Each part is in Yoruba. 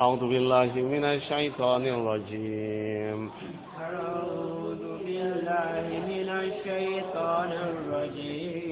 أعوذ بالله من الشيطان الرجيم أعوذ بالله من الشيطان الرجيم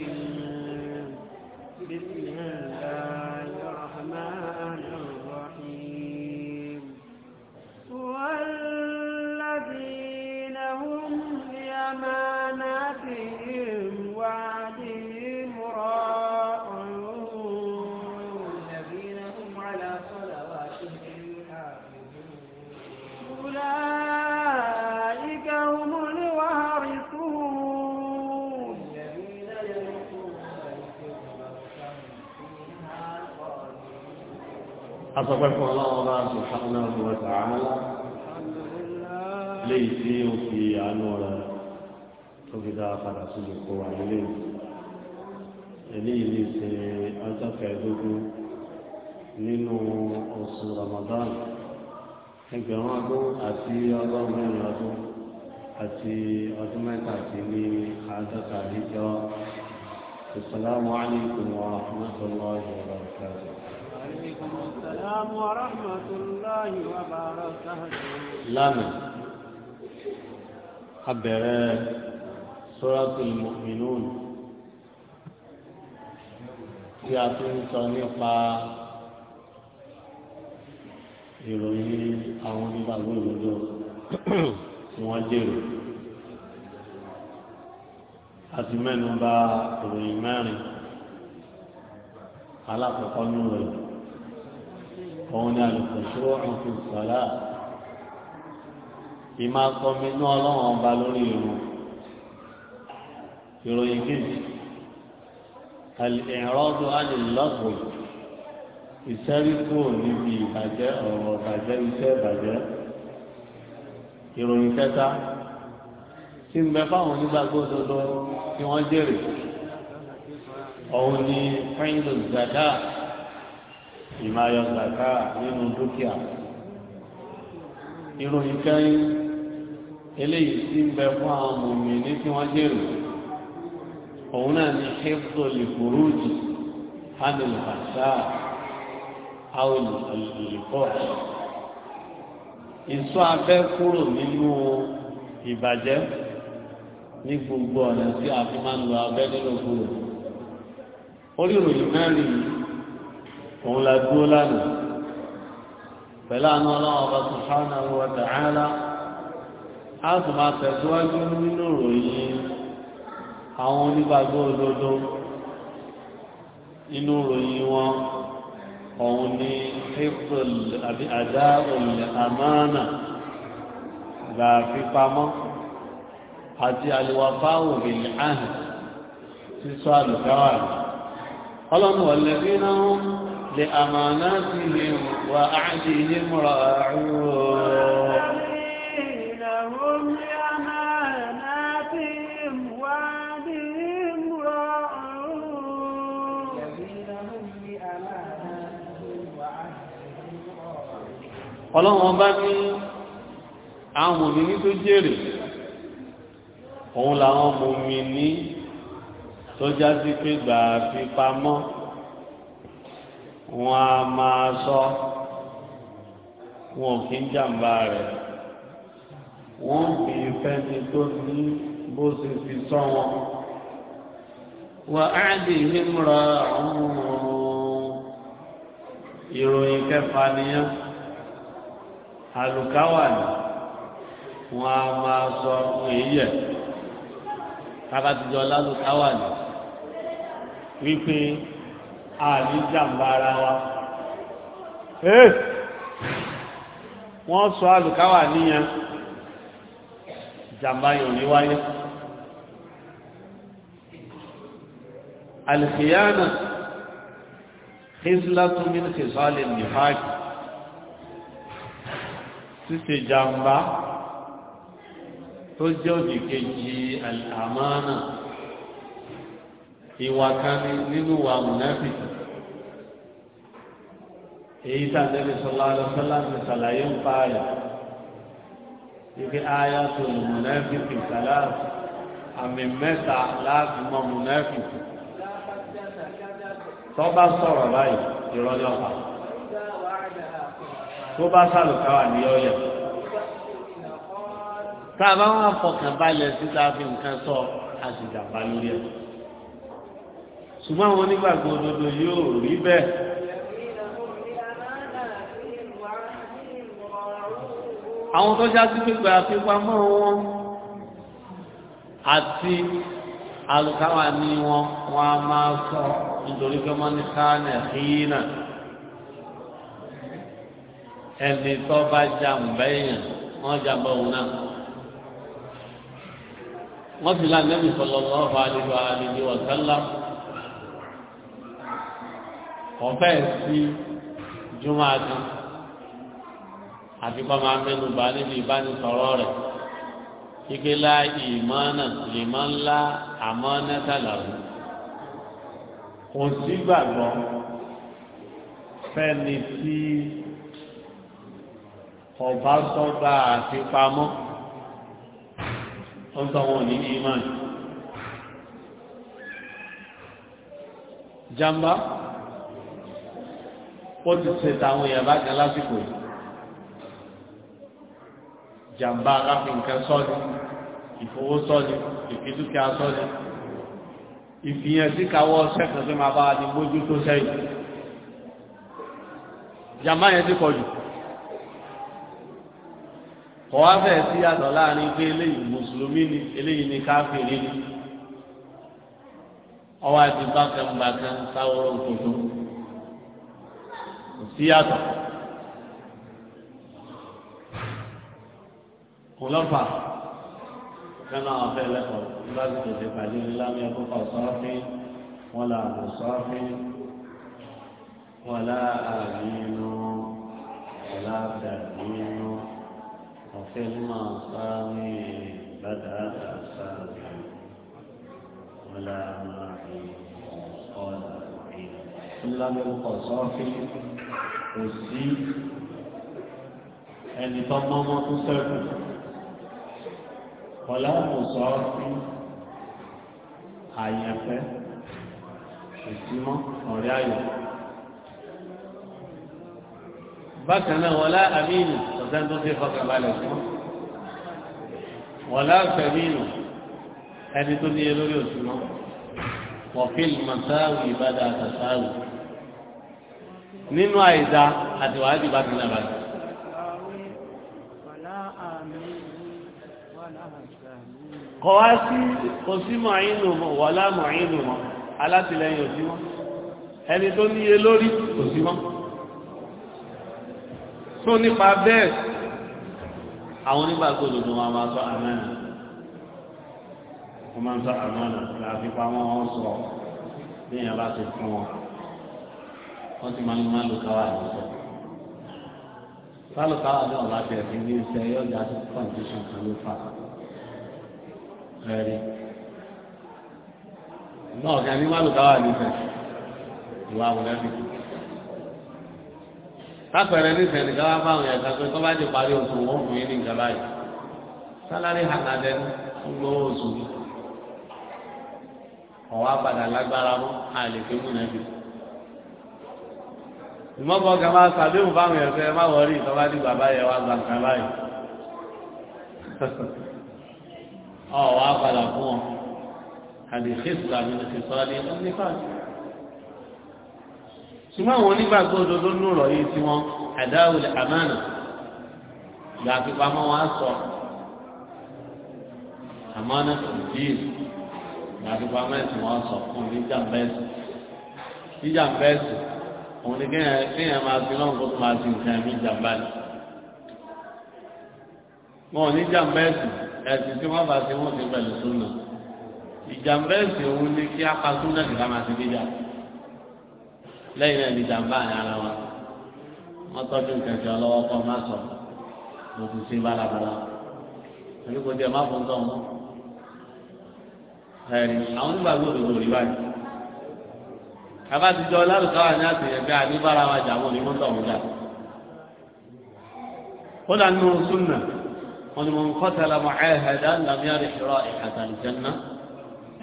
asọpẹ́ fún ọlọ́wọ́ bá ń sọ̀rọ̀ náà lọ sàánà léyìí tí ó fi àánú rẹ̀ tó fi dá padà sí ìkó wa nílé eléyìí ní ṣe ọjọ́ kẹẹ̀ẹ́dógún nínú oṣù Ramadan ẹgbẹ̀rún ọdún àti ọgọ́rùn ọdún àti ọdún mẹ́ta àti ní àádọ́ta àdíjọ́ Assalamu alaikum wa rahmatullahi wa السلام ورحمة الله وبركاته لامن حبر سورة المؤمنون tí a tún sọ nípa ìròyìn àwọn onígbàgbọ́ ìròdó tí wọ́n jèrò àti mẹ́nu bà ìròyìn mẹ́rin alákọ̀ọ́kọ́ nù rẹ̀ òun ni àlùkòṣòro àti ìsọ̀lá ìmá kọmi ní ọlọ́run ọba lórí irun ìròyìn kejì àlìẹ̀rọ́dún àlìlọ́gbọ̀ ìsẹ́ríkù níbi ìbàjẹ́ ọ̀rọ̀ ìbàjẹ́ iṣẹ́ ìbàjẹ́ ìròyìn kẹta tí ń bẹ fáwọn onígbàgbọ́ òdodo tí wọ́n jèrè òun ni fẹ́ńdùn zakat ìmáyọ zaka nínú dúkìá ìròyìn kẹrin eléyìí tí ń bẹ fún àwọn mòmí ní tí wọ́n jèrò òun náà ni hifdo lè kúrú jù hánìlì àṣà àwọn ìlẹ̀kọ́ ìsọ abẹ́ kúrò nínú ìbàjẹ́ ní gbogbo ọ̀nà tí a fi máa ń lo abẹ́ nínú kúrò orí ìròyìn mẹ́rin yìí òun la dúró lánàá pẹ̀lú àánú ọlọ́run ọba subhanahu wa ta'ala á sì máa tẹ̀síwájú nínú ìròyìn àwọn onígbàgbọ́ òdodo inú ìròyìn wọn òun ni hifdul àbí àdá òlẹ̀ àmánà gbà fífamọ́ àti àlùwàfáwò bìlì áhùn sísọ àlùkáwà ọlọ́run wọ̀lẹ́bí náà لأماناتهم وأعدهم راعون ọlọ́run bá ní àwọn mòmìnì tó jèrè òun làwọn mòmìnì tó já sí pé gbà fi pamọ́ wọn a máa sọ wọn kì í jàǹbá rẹ̀ wọ́n fi fẹ́ni tó ní bó ṣe fi sọ wọn. wà á dì í múra ìròyìn kẹfà nìyẹn àlùkáwà ni wọn a máa sọ èyí ẹ kábàtìjọ lálùkáwà ni wípé àní jàmbá ara wa wọ́n sọ àlùkáwà níyàn jàmbá yóò ní wáyé alìkìyànà hezlatu min hezalin nifaq ṣíṣe jàmbá tó jẹ́ òdì kejì al'amánà ìwà nínú wa mùnáfíkì èyí tá àdébí sọlá lọ́sọ́lá ti sàlàyé ń pa rẹ̀ ibi ayá tó mùnẹ́fìkì sàlá àmì mẹ́ta láti mọ mùnẹ́fìkì tó bá sọ̀rọ̀ báyìí ìrọ́jọ́ pa tó bá sàlùkáwà ní ọ̀yẹ̀ tá a bá wọn fọkàn balẹ̀ síta fi nǹkan sọ àti ìjàmbá lórí ẹ̀ ṣùgbọ́n àwọn onígbàgbọ́ òdodo yóò rí bẹ́ẹ̀. àwọn tó ṣáájú pípa àfipamọ́ wọn àti alùkáwà ní wọn wọn a máa sọ nítorí pé wọ́n ní káàní àfihìnà ẹni tó bá jàǹbá èèyàn wọ́n jàǹbá òun náà wọ́n fi láti nẹ́bí sallallahu alaihi wa sallam ọ̀fẹ́ sí jùmọ̀ àti àti kọ́ máa mẹ́nu bá níbi ìbánisọ̀rọ̀ rẹ̀ ike la ìmọ̀nà lèmọ̀ ńlá àmọ́ nẹ́tàlàwù kò sí gbàgbọ́ fẹ́ni tí ọba sọ́gbà àti pamọ́ ó ń tọ́ ní ìmọ̀ jàmbá ó ti ṣe tàwọn èèyàn kan lásìkò yìí jàǹbá akáfi nǹkan sọ́ọ̀lì ìfowó sọ́ọ̀lì ìfidúkìá sọ́ọ̀lì ìfihàn sí káwọ́ sẹ́kùn sí máa bá ní mójú tó sẹ́yìn jàǹbá yẹn ti pọ̀jù kọ̀wá fẹ́ sí yàtọ̀ láàrin pé eléyìí mùsùlùmí ni eléyìí ni káfíìrì ni ọwọ́ àti bákan bákan sáwọ́rọ̀ òkòtò kò sí yàtọ̀. kò lọ́fà kánà ọ̀fẹ́ lẹ́kọ̀ọ́ láti tètè pàdé lámì ẹ̀kọ́ kan sọ́ọ́fín wọn là mọ̀ sọ́ọ́fín wọn là àmínú wọn là dàmínú ọ̀fẹ́ mọ̀ sáàmì bàdàdà sáàmì wọn là mọ̀ ọ̀nà lámì ẹ̀kọ́ kan sọ́ọ́fín kò sí ẹni tó mọ́mọ́ tó sẹ́kù kọlá mo sọ ọ sí àyànfẹ́ ìsímọ́ ọ̀rẹ́ ayọ̀ bákan náà wọlá àmínú ọ̀sán tó ṣe fọkànbalẹ̀ fún wọlá àfẹ́mínú ẹni tó níye lórí òṣùmọ́ wọ̀fíìlì mọ̀sáàwì ìbádà àtàsáàwì nínú àìdá àti wàhálì bákan náà bákan kọ̀ wá sí kò sí mọ̀ọ́yìnù mọ̀ wọ́lá mọ̀ọ́yìnù mọ̀ alátìlẹyìn òsì mọ́ ẹni tó níye lórí òsì mọ́ tó nípa bẹ́ẹ̀ àwọn onígbàgbọ́ òdòdó wọn máa sọ àmánà wọ́n máa ń sọ àmánà láàfin pamọ́ wọn sọ bí èèyàn bá ti fún wọn wọ́n ti máa ń máa lò káwá àdó sọ sáà lò káwá àdó ní iṣẹ́ yọ̀ọ́dà tó kọ̀ǹtíṣàn kan ló fà ẹ̀rí náà ọ̀gá ní málùú káwà nífẹ̀ẹ́ ìwà àmúlẹ́bí kápẹ̀rẹ̀ nífẹ̀ẹ́ ní káwà fáwọn ẹ̀ka pé tó bá ndị parí oṣù wọn fún yín ní nǹkan báyìí sálárì hànàdẹ ń gbọ́ oṣù ọ̀wá padà lágbára mọ́ àlè wá báyìí. ọ̀ wá padà fún ọ àdìsíṣà mi ní sísọ́lé nípa ṣùgbọ́n àwọn onígbàgbọ́ òdodo ń lò yìí tí wọ́n àdáwìlẹ̀ àmánà ìgbà pípamọ́ wọn á sọ àmánà tòjìl ìgbà pípamọ́ ẹ̀sìn wọn sọ fún níjà bẹ́ẹ̀sì níjà bẹ́ẹ̀sì òun ni kéèyàn máa fi lọ́nà kó tó máa ti nǹkan ẹ̀mí ìjàmbá ni wọn ò níjà bẹ́ẹ̀sì ẹ̀sìn tí wọ́n bá ti wọ́n ti pẹ̀lú súnà ìjàmbá ẹ̀sìn òun ní kí apá súnà ti ká máa ti dídà lẹ́yìn náà ìjàmbá ní ara wa wọ́n tọ́jú nǹkan ti ọlọ́wọ́ kọ́ má sọ lòdù sí bálabàlá àbí kò tiẹ̀ má fún tọ́ wọn. ẹ̀rì àwọn onígbàgbọ́ òdòdó rí báyìí kaba ti jọ lálùkáwà ní àtìyẹ̀fẹ́ àdébára wa jà wọn ní mọ́tò ọ̀hún jà kódà nínú súnà wọn ni wọn kọ́tà lamọ ẹ̀hẹ̀dá lamíyàrí ìṣòro ìhàtàlìjẹ́nà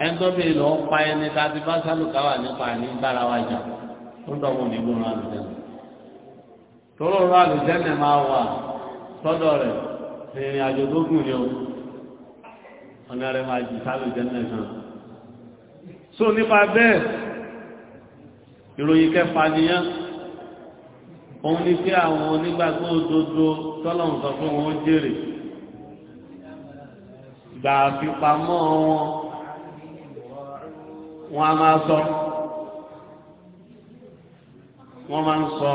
ẹni tó bí ìlú ọ̀pá ẹni tá a ti bá sálùkà wà nípa ní bára wa jà ó dọ̀wọ́ ní gbóná àlùjẹ́nà tóró ọ̀rọ̀ àlùjẹ́nà máa wà sọ́dọ̀ rẹ̀ ìrìn àjò tó gùn ni ó ọ̀nà rẹ̀ máa jì sálùjẹ́nà sàn. so nípa bẹ́ẹ̀ ìròyìn kẹfà nìyẹn òun ni pé àwọn onígbàgbọ́ òdodo tọ́lọ́hùn ìgbà fipamọ́ wọn wọn a máa sọ wọn máa ń sọ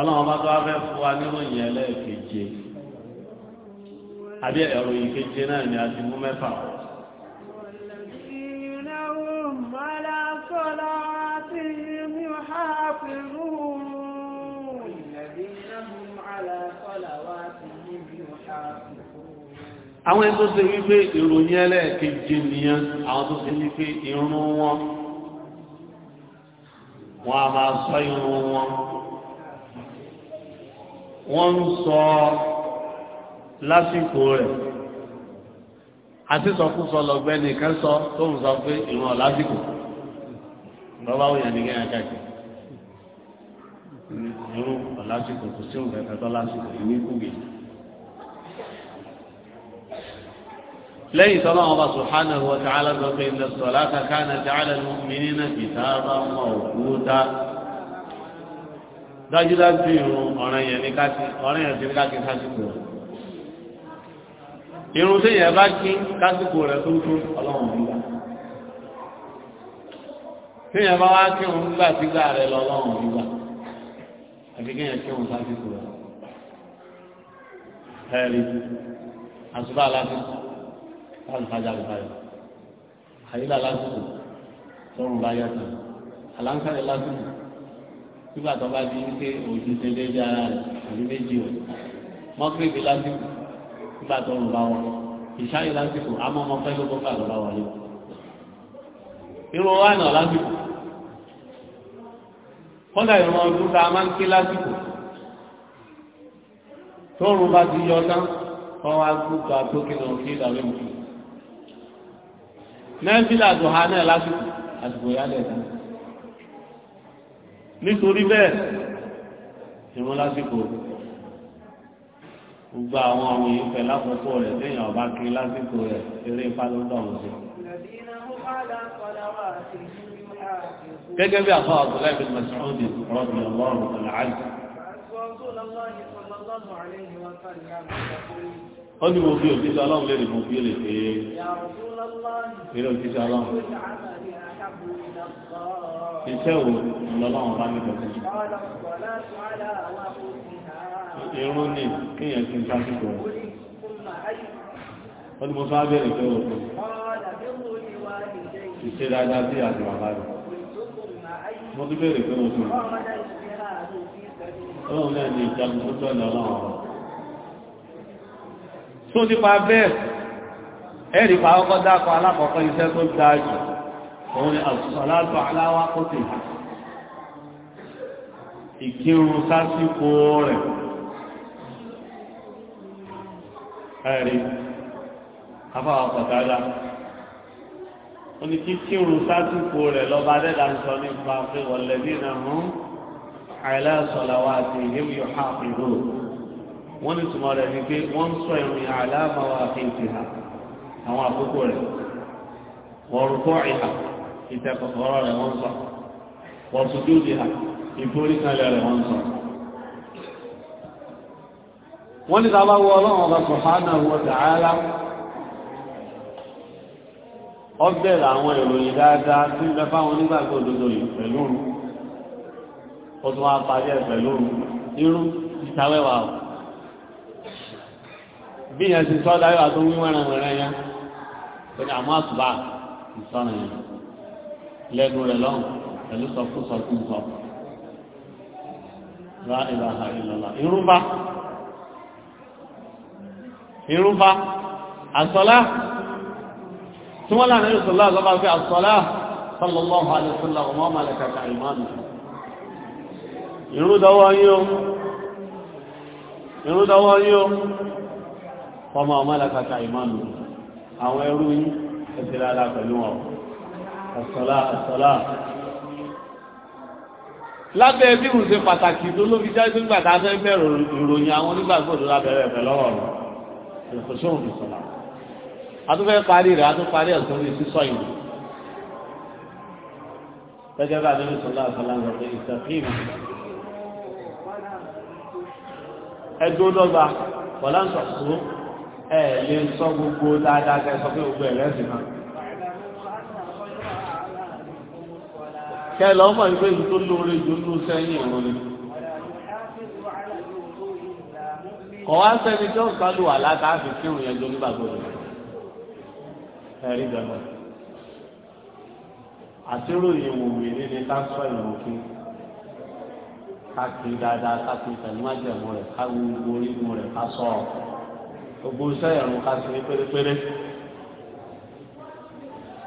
ọlọ́run bá tó wá fẹ́ fún wa níròyìn ẹlẹ́ẹ̀keje àbí ẹ̀rọ ìkeje náà ni a ti mú àwọn ẹni tó ṣe wípé ìròyìn ẹlẹ́ẹ̀kejì nìyẹn àwọn tó ṣe wípé irun wọn wọn a máa sọ irun wọn wọn ń sọ lásìkò rẹ̀ àti sọkúsọ lọgbẹ nìkan sọ tó ń sọ pé irun ọ lásìkò lọ́wọ́ àwọn nìkan yà káàkiri irun ọ lásìkò kò sí òun kẹkẹ tó lásìkò ìní kúgè. lẹ́yìn tọ́lá wọn bá subhanahu wa ta'ala sọ pé ilẹ̀ sọ̀lá kankan náà ta'ala ló mi ní náà kì tá a bá mọ̀ òkúta. dájúdájú irun ọ̀ràn yẹn ní káàkiri ọ̀ràn yẹn ti ní káàkiri sásìkò rẹ̀. irun tí yẹn bá kí kásìkò rẹ̀ tó tó ọlọ́run nígbà. tí yẹn bá wá kí òun nígbà sígbà rẹ̀ lọ ọlọ́run nígbà. àti kí yẹn kí òun sásìkò rẹ̀. ẹ̀rí àtúbà lásìkò alùpàdé alùpàdé àyílá lásìkò tọrùn bá yàtọ̀ àlàǹkàlẹ̀ lásìkò nígbà tó bá di wípé òjì ṣe déédé ara rẹ̀ àbí méjì o mọ́kìrìbì lásìkò nígbà tọrùn bá wọn ìṣáyé lásìkò amọ́mọ́ pẹ́ ló gbọ́gbà lọ́ba wọlé irun wa nà lásìkò kọ́dà ìrun ọdún tá a máa ń ké lásìkò tóorùn bá ti yọ tán kọ́ wa gbúgbà tó kí lọ sí ìdàlẹ́ nẹ́fílà dùhà náà lásìkò àsìkò yálẹ̀ ẹ̀dá nítorí bẹ́ẹ̀ ìrún lásìkò gbogbo àwọn àwọn èèyàn fẹ́ lákòókò rẹ̀ lẹ́yìn ọba kiri lásìkò rẹ̀ eré ipá ló ń dọ̀ sí. gẹ́gẹ́ bí àfọ àbúlá ibi masoudi rọ́bì ọlọ́run ó ní wo bí òjíṣẹ́ ọlọ́run lè mú bí lè pé eré òjíṣẹ́ ọlọ́run iṣẹ́ wo ọlọ́run bá nípa sí irun ní kíyàn sí sásìkò rẹ̀ ó ní mo fẹ́ bẹ̀rẹ̀ pé òkú ìṣe dáadáa sí àti bàbá rẹ̀ mo tún bẹ̀rẹ̀ pé òkú ọlọ́run náà ní ìjagun tó tọ́ ọ̀nà tó nípa bẹ́ẹ̀ ẹ̀rì pa ọkọ̀ dákọ̀ alákọ̀ọ́kọ́ iṣẹ́ tó dáa jù òun ni àṣàlátọ̀ aláwá kó tè ìkírun sásìkò rẹ̀ ẹ̀rì afáwọn pàtàkì oní kíkírun sásìkò rẹ̀ lọ́ba dẹ́dà ń sọ nípa pé wọ̀lẹ́dínà mú àìláṣọ̀lá wa ti hìm yóò hàpì wọ́n ní tùmọ̀ rẹ̀ ni pé wọ́n ń sọ ìrìn àlámà wa fi àwọn àkókò rẹ̀ wọ́n kọ́ ìhà ìtẹ̀kọ̀kọ̀rọ̀ rẹ̀ wọ́n sọ wọ́n sojú ìforíkalẹ̀ rẹ̀ wọ́n sọ. wọ́n ní sábà wọ ọlọ́run ọba subhanahu wa ta'ala àwọn ìròyìn dáadáa yìí pẹ̀lú òru ó bí yẹn ti sọ́dá yóò àtún wíwọ́n ẹran rẹ̀ yẹn ó ní àmọ́ àtúbà ìsọ̀rọ̀ yẹn lẹ́nu rẹ̀ lọ́hùn pẹ̀lú sọkúsọkúsọ la ilaha illallah irúbá irúbá àsọlá tí wọ́n lànà ìrùsọ̀lá lọ́bàá fi àsọlá sallallahu alaihi wasallam ọmọ mọ̀lẹ́kàkà ìmánu irúdọ́wọ́ yíó irúdọ́wọ́ yíó fọmọ ọmọ alákàtà ìmánu àwọn ẹrú yín ẹsẹ̀ dáadáa pẹ̀lú wọn ọ̀sọ̀lá ọ̀sọ̀lá lábẹ́ ẹbí ń ṣe pàtàkì tó ló fi jáde nígbà tá a fẹ́ bẹ̀rù ìròyìn àwọn onígbàgbọ́dọ̀ lábẹ́rẹ́ ẹ̀fẹ́ lọ́wọ́ rẹ̀ ìfọ̀ṣọ́hùn ìsọ̀lá a tún fẹ́ parí rẹ̀ a tún parí ó ẹ lè sọ gbogbo dáadáa kẹ sọ pé gbogbo ẹ̀ lẹ́sìn náà. kẹ lọ mọ̀ nípa èyí tó lóore jù lù sẹ́yìn ìrún ni. kọ̀ wá sẹ́ni tí ó ń kálù wà látàáfi kírun yẹn jọ nígbà gbọdọ̀. ẹ̀rí dẹ̀mọ̀. àtúrò yìí wò wí nílé káńsọ̀ ìwò kí. ká kiri dáadáa ká kiri tẹ̀lé májẹ̀mú rẹ̀ ká wú orí rẹ̀ ká sọ̀rọ̀ gbogbo sẹ́yìn ká sí ní pérépéré.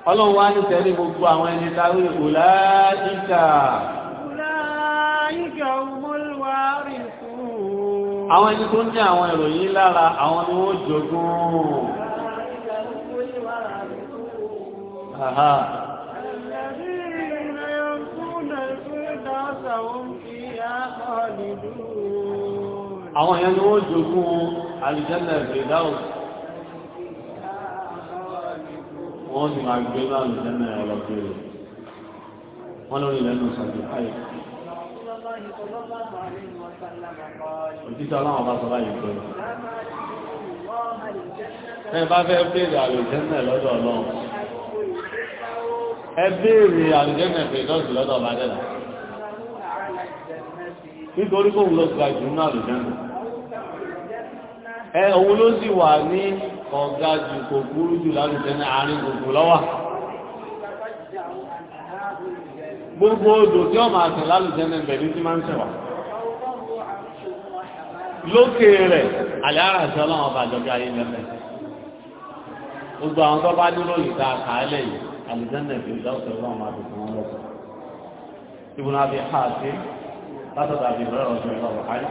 ọlọ́run wá ní tẹ́lẹ̀ gbogbo àwọn ẹni táwọn èèwò láyíká. láyíká wọlúwa rìn fún àwọn ẹni tó ní àwọn ìròyìn lára àwọn ni wọ́n jogún. Aha. àwọn èèyàn ni wọ́n jogún àlùjánnà Firdaus wọ́n ti máa gbé bá àlùjánnà ọlọ́gbé rẹ̀ wọ́n lórí lẹ́nu sàbí káyé. Òtítọ́ aláwọ̀ bá sọ báyìí pé. Ẹ bá fẹ́ béèrè àlùjánnà lọ́dọ̀ Ọlọ́run. Ẹ béèrè àlùjánnà Firdaus lọ́dọ̀ Bádẹ́là. Nítorí kóhùn ló gba jù ní àlùjánnà ẹ òun ló sì wà ní ọ̀gá jù kò burú jù lálùfẹ́ ní àárín gbogbo lọ́wà gbogbo odò tí ọmọ àtẹ lálùfẹ́ ní ẹgbẹ̀rún tí máa ń tẹ̀wà lókè rẹ̀ àlẹ́ àràṣẹ́ ọlọ́run ọba àjọgbé ayé lẹ́fẹ̀ gbogbo àwọn tó bá dúró yìí àkàálẹ̀ yìí àlùjẹ́ndẹ̀ fi ìdáwọ̀sẹ̀ ọlọ́run máa dùn wọn lọ́sọ̀ ibùdó àbí ha sí àbí ìbẹ̀rẹ̀ ọ̀sẹ̀ ọlọ́run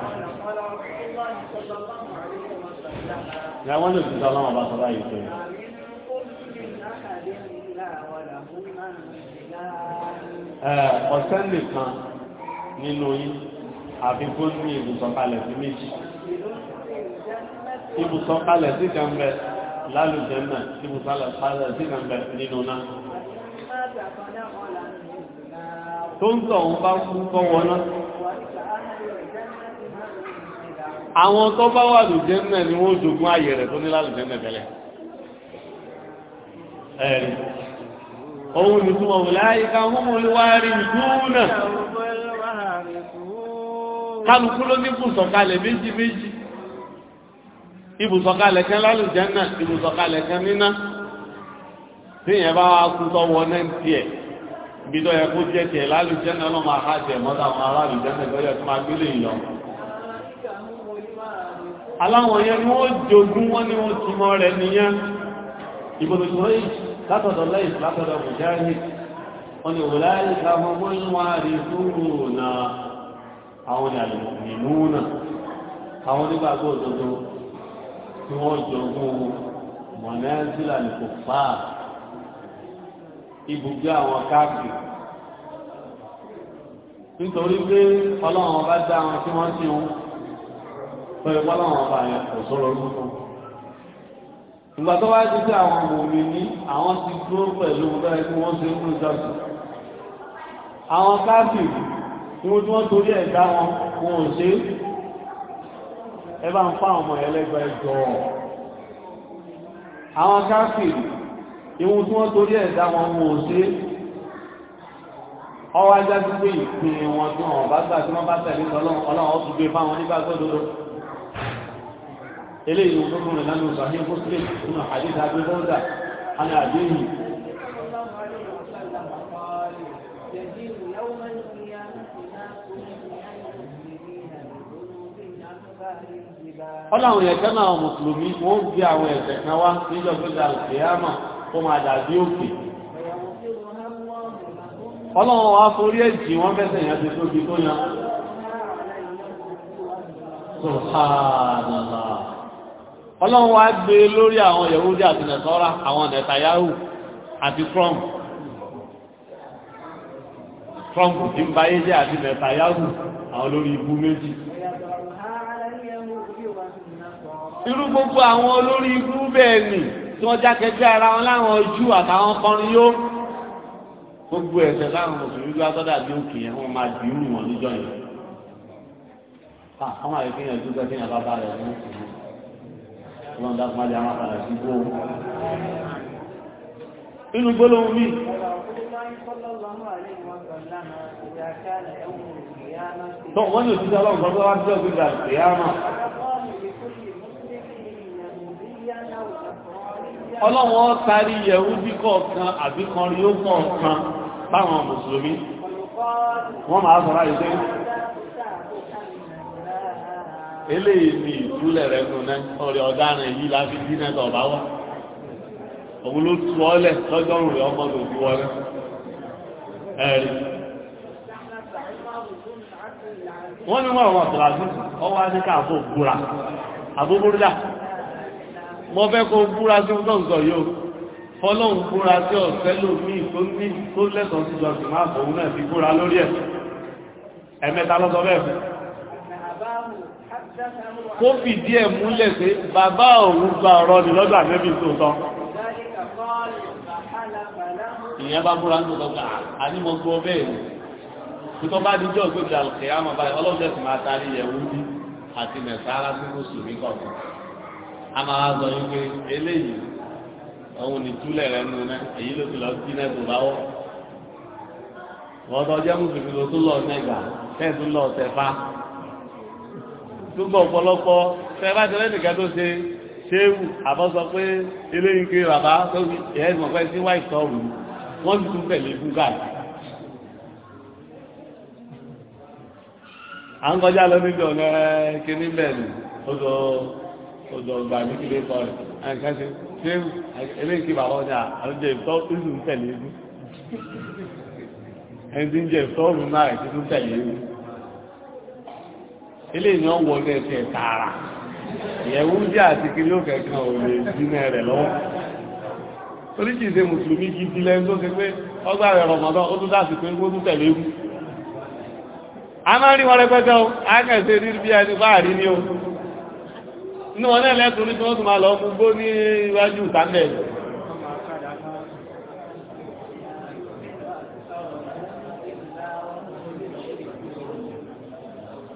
Ìyàwó lè fi sọ́lọ́mà bá sọ báyìí pé. Ọ̀sẹ́ nìkan nínú yín, àfi kó ní ibùsọ̀kalẹ̀ sí méjì. Ibùsọ̀kalẹ̀ sí kan bẹ lálùjẹ́ náà, ibùsọ̀kalẹ̀ sí kan bẹ nínú náà. Tó ń tọ̀ ń bá kú kọ́ wọná. àwọn tó bá wà lùjẹ́ náà ni wọ́n jogún ààyè rẹ̀ tó ní lálùjẹ́ náà tẹ́lẹ̀ ẹ̀rì ohun ìtumọ̀ láyíká húnmùlú wá rí ìdúnà kálukú ló ní bùsọ̀kalẹ̀ méjì méjì ibùsọ̀kalẹ̀ kan lálùjẹ́ náà ibùsọ̀kalẹ̀ kan níná tí ìyẹn bá wá kú tọ́ wọ náà tiẹ̀ bí tọ́ yẹ kó jẹ́ tiẹ̀ lálùjẹ́ náà lọ́mọ aláwọn yẹn ni wọ́n jogún wọ́n ni wọ́n ti mọ́ rẹ̀ nìyẹn ìbòdó tí wọ́n yìí látọ̀dọ̀ lẹ́yìn látọ̀dọ̀ mùjáhì wọ́n ni wò láyé káwọn wọ́n wá rí fúrù na àwọn ìlúùnà àwọn onígbàgbọ́ òdodo tí wọ́n jogún nítorí pé ọlọ́run ọba dá àwọn tí wọ́n ti ń tó ẹ wọ́n láwọn ọba yẹn kò sọ̀rọ̀ lọ́sọ̀. ìgbà tó wáyé títí àwọn ọmọ mi ní àwọn ti dúró pẹ̀lú bẹ́ẹ̀ kí wọ́n ṣe fún ìjọsìn. àwọn káàfìrì ni wọ́n tí wọ́n torí ẹ̀ dá wọn wọn ò ṣe é bá ń fa ọmọ ẹlẹ́gbẹ̀ẹ́ jọ àwọn káàfìrì ni wọ́n tí wọ́n torí ẹ̀ dá wọn wọn ò ṣe é ọwọ́ ajá sí pé ìpín wọn tí wọn bá gbà tí wọ́n bá tẹ̀lé eléyìí wọn fún rẹ̀ lánàá sàhí muslim nínú àdíta abúlọ́dà ana àdéhì ọláwọn ẹ̀kẹ́ náà mùsùlùmí wọ́n gbé àwọn ẹ̀kẹ́ kan wá níjọ́ gbẹ́gbẹ́ àlùkìyàmà ó máa dàbí òkè ọlọ́wọ́n wá forí ẹ̀jì wọ́n fẹ́sẹ̀ yẹn ti tóbi tó yan Subhanallah ọlọ́run wá gbé lórí àwọn yahudi àti nàìsọ́ra àwọn nẹ̀tàyáhù àti trump trump ti ń báyé jẹ́ àti nẹ̀tàyáhù àwọn olórí ibú méjì irú gbogbo àwọn olórí ibú bẹ́ẹ̀ nì tí wọ́n jákẹ́jẹ́ ara wọn láwọn jù àtàwọn kọrin yó gbogbo ẹ̀sẹ̀ láwọn mùsùlùmí gbá sọ́dà bí òkè yẹn wọ́n máa dìírù wọn níjọ́ yẹn. àwọn ah, àyè fi hàn jù sẹ́fìyàn bàbá rẹ̀ ní ìlú ọlọ́run dákun má jẹ́ àwọn àpàdà sí bó inú gbólóhùn mi tọ́ wọ́n ní òṣìṣẹ́ ọlọ́run gbọ́gbọ́ wá sí ọgbẹ́ ìgbà ìyáàmà ọlọ́run ó tarí yẹ̀húdí kọ̀ọ̀kan àbíkan rí ó kọ̀ọ̀kan báwọn mùsùlùmí wọ́n máa sọ̀rọ̀ àìsẹ́ eléyìí ni ìtúlẹ̀ rẹ̀ nù náà ọ̀rẹ́ ọ̀daràn yìí láti bí náà tọ̀ bá wà òun ló tu ọ́lẹ̀ lọ́jọ́rùn rẹ̀ ọmọ tó fi wọlé ẹ̀rí wọ́n ní wọ́n àwọn ọ̀tọ̀lájú ọwọ́ adéka àbò búra àbò búrúdà mo fẹ́ kó búra tí wọ́n sọ yóò fọlọ́hún búra tí ọ̀sẹ́ ló tó lẹ́tọ̀ọ́ sí jọ kó fìdí ẹ̀ múlẹ̀ pé bàbá òun gba ọ̀rọ̀ ni lọ́dọ̀ àmẹ́bí tó tọ́ ìyẹn bá búra ń àní mo gbọ́ bẹ́ẹ̀ ni bá díjọ́ àmọ́ báyìí máa tarí bí àti mẹ̀sára kọ̀ọ̀kan a máa sọ yín eléyìí òun ní túlẹ̀ rẹ̀ nù náà èyí ló lọ sí báwọ̀ wọ́n tọ́jú lọ gbogbo ọ̀pọ̀lọpọ̀ fẹ́ bá ti lẹ́nìkan tó ṣe ṣéwù àbọ́sọ pé eléyìí kiri bàbá tó fi ẹ̀ẹ́ mọ̀ pé sí wáì sọ̀rù wọ́n ti tún à ń kọjá lọ níbi ọ̀nà kiri bẹ́ẹ̀ ọjọ́ ọjọ́ ọgbà ní kílé kọ́ rẹ̀ ṣe ṣéwù eléyìí kiri bàbá ọjà ìtọ́ ìlú ẹni tí ń jẹ náà eléyìí ni wọ́n wọ ní ẹsẹ̀ tààrà ìyẹ̀wò ń jẹ́ àti kiri ó kẹ̀kẹ́ ò lè dínà rẹ̀ lọ́wọ́ oríṣi ìṣe mùsùlùmí gidi lẹ́nu tó ṣe pé ọgbà rẹ̀ rọ̀mọ́dán ó tún dáàsì pé ó tún tẹ̀lé ewu a máa rí wọn rẹpẹtẹ o a kàn ṣe rí bí ẹni bá rí ni o inú wọn náà lẹ́tùn ní tí tún máa lọ mú gbó ní iwájú ìtàndẹ̀ẹ́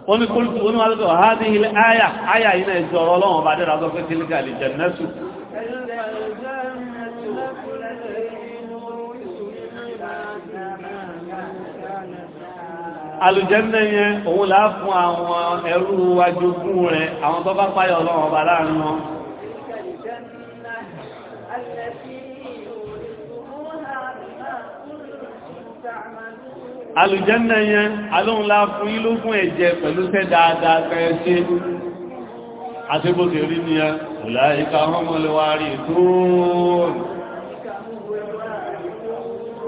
wọ́n ní kólùtù wọ́n ní wọ́n lọ́tọ̀ ha ní ilẹ̀ ayà ayà yìí náà jọrọ ọlọ́wọ́n bá dẹ́ra ọgọ́fẹ́ tí níkà lè jẹ̀nẹ́sù alùjẹ́nẹ́ yẹn òun láà fún àwọn ẹrú ajogún rẹ̀ àwọn tó páyọ̀ ọlọ́wọ́n bá láàrin wọn alùjẹ́nà yẹn alóhun la fún yín lógún ẹ̀jẹ̀ pẹ̀lú ṣẹ́ dáadáa pẹ̀ẹ́ sí àti bó ti rí nìyẹn ọ̀lá ìka ọmọlẹ́wà rí tóòrùn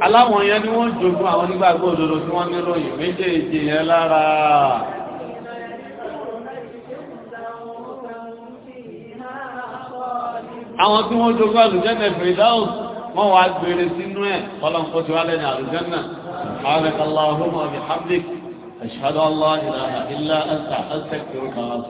aláwọn yẹn ni wọ́n jogún àwọn nígbàgbọ́ òdodo tí wọ́n níròyìn méjèèjì yẹn lára àwọn tí wọ́n jogún àlùjẹ́nà fèrèdáùsù wọ́n wá gbére sínú ẹ̀ ọlọ́run kó ti wá lẹ́nu àlùjànnà ààrẹ̀kà aláhùn àbí hamdik ashhadu an la ilaha illa anta